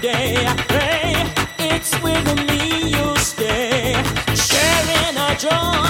sharing Joy.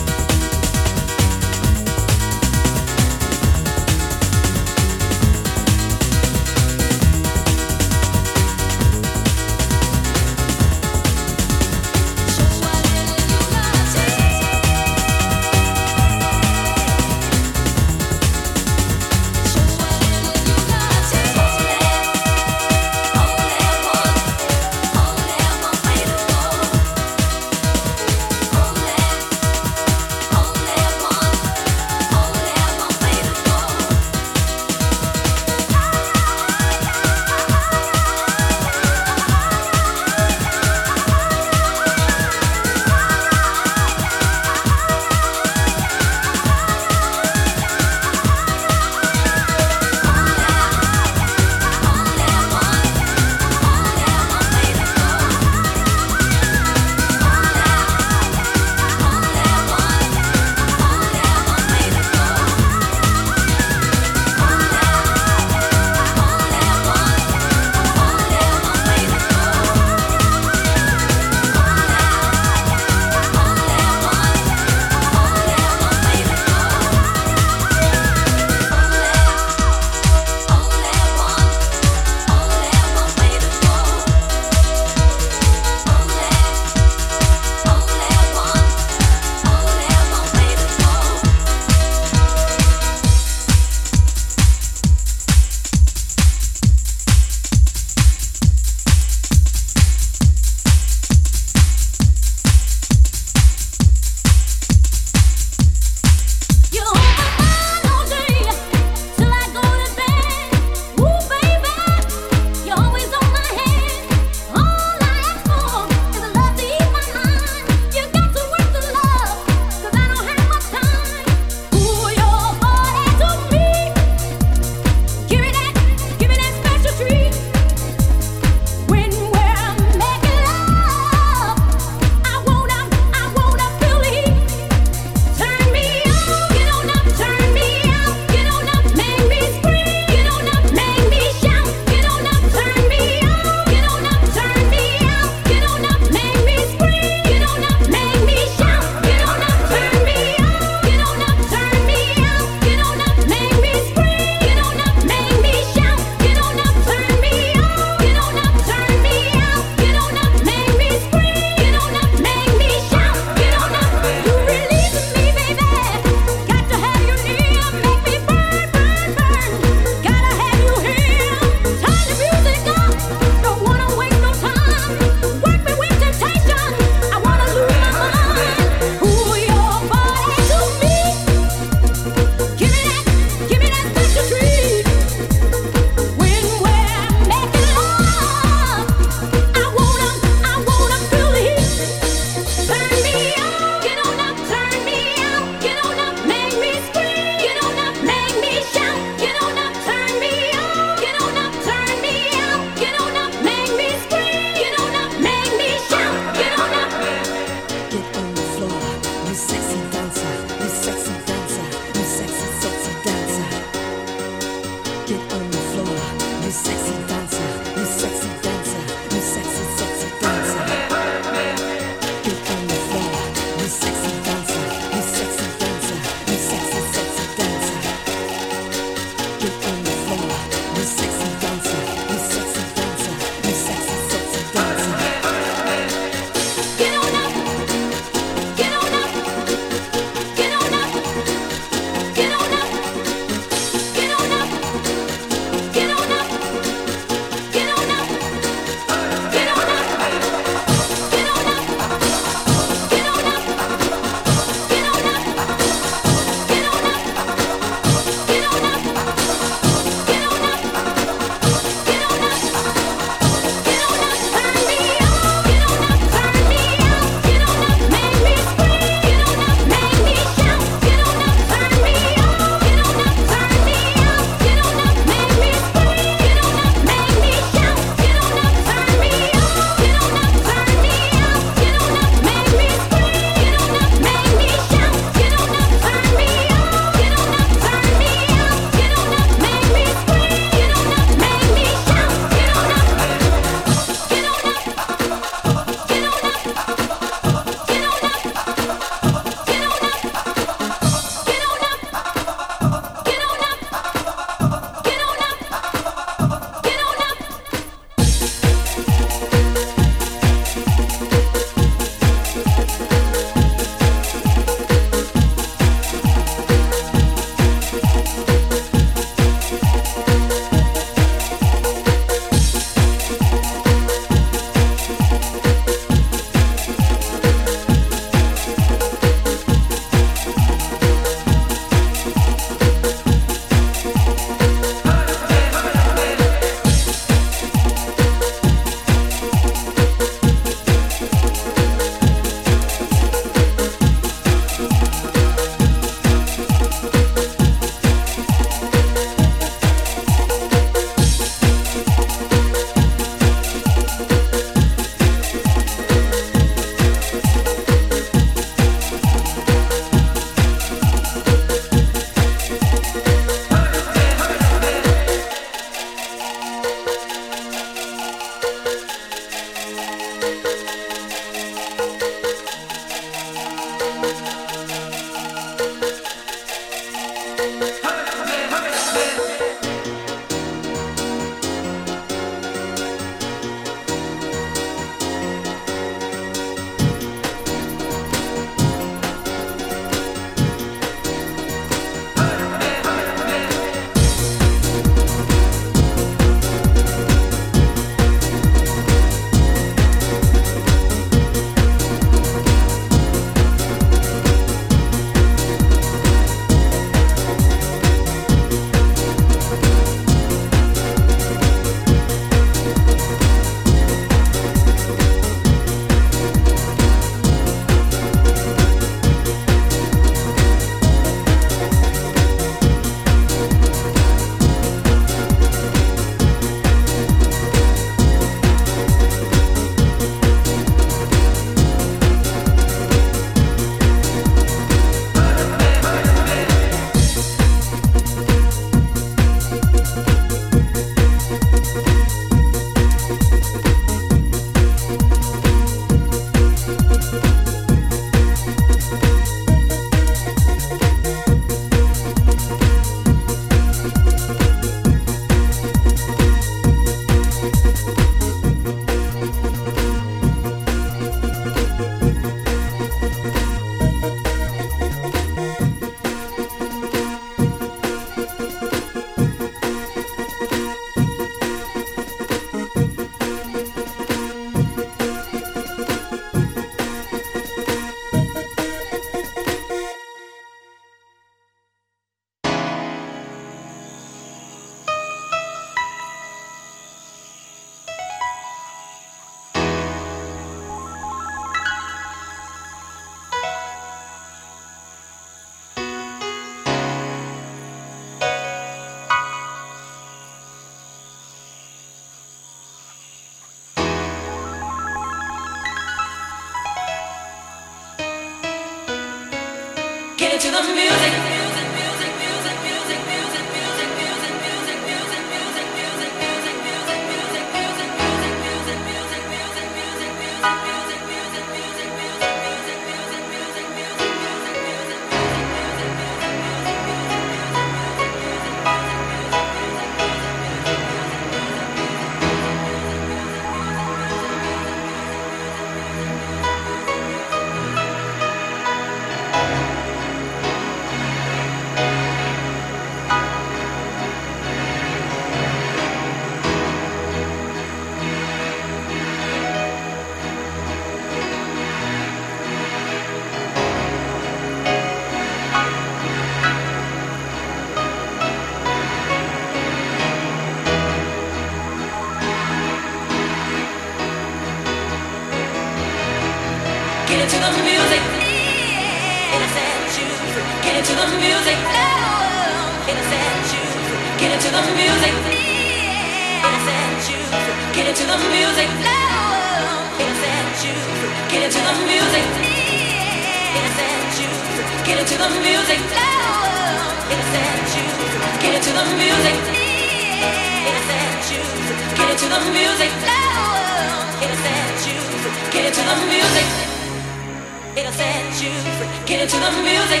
Get into the music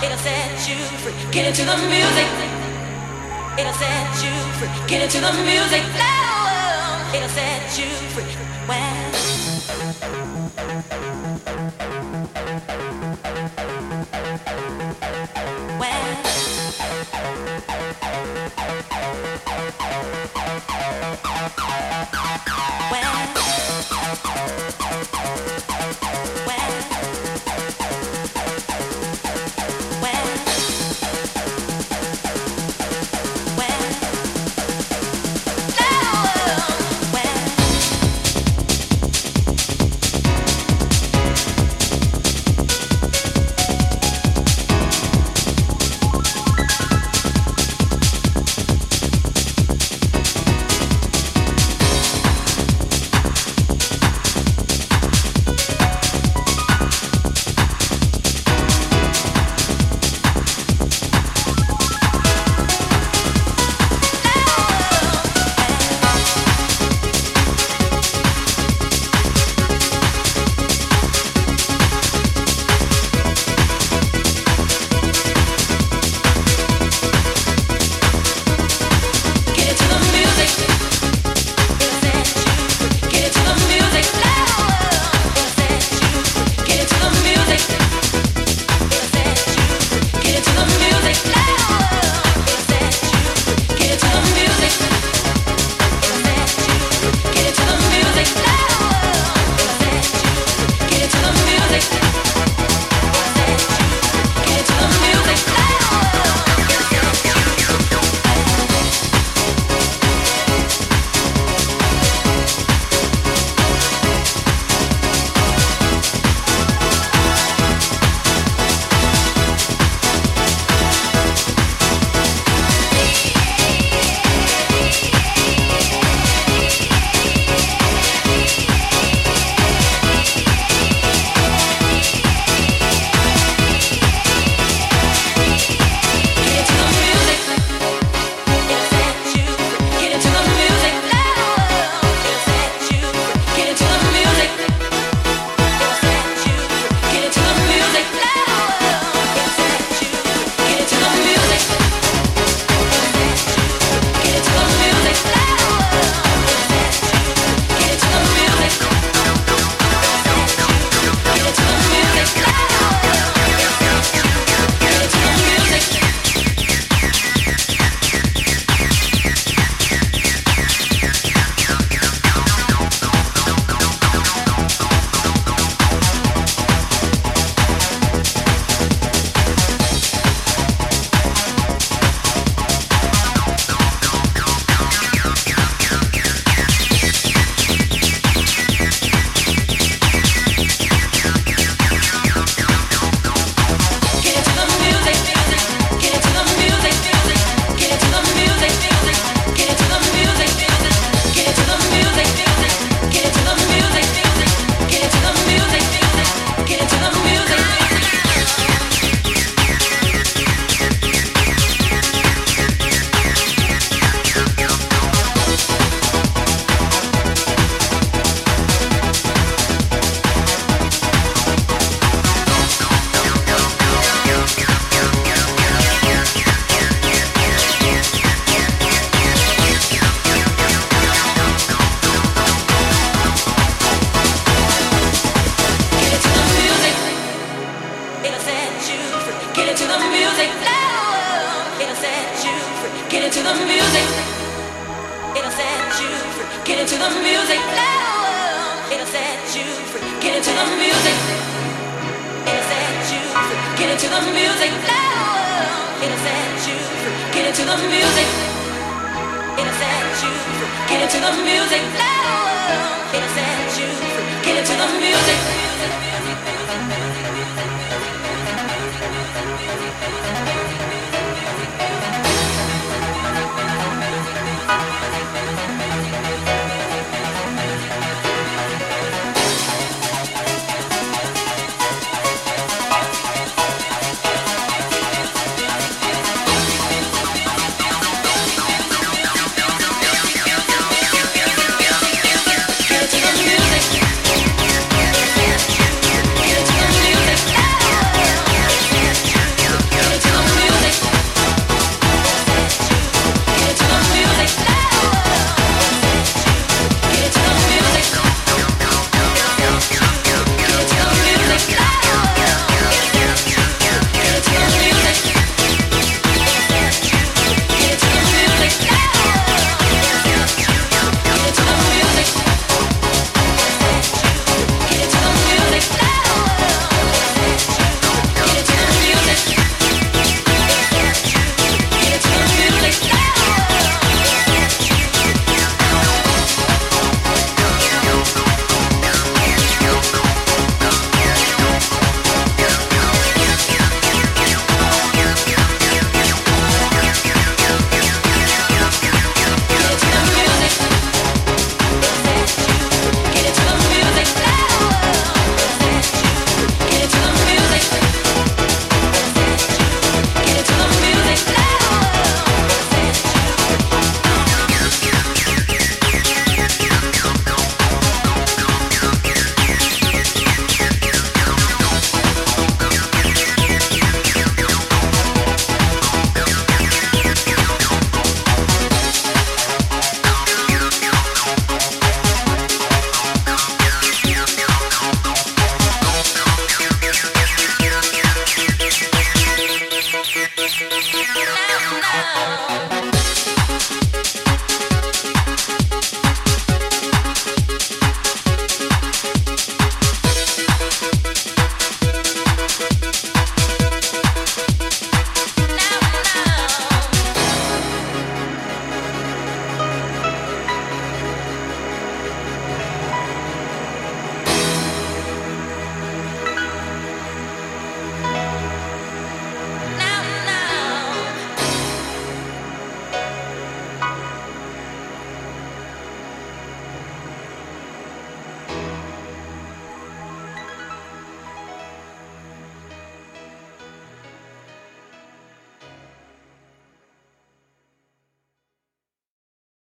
It'll set you free. Get into the music. It'll set you free. Get into the music It'll set you free. When. When? When?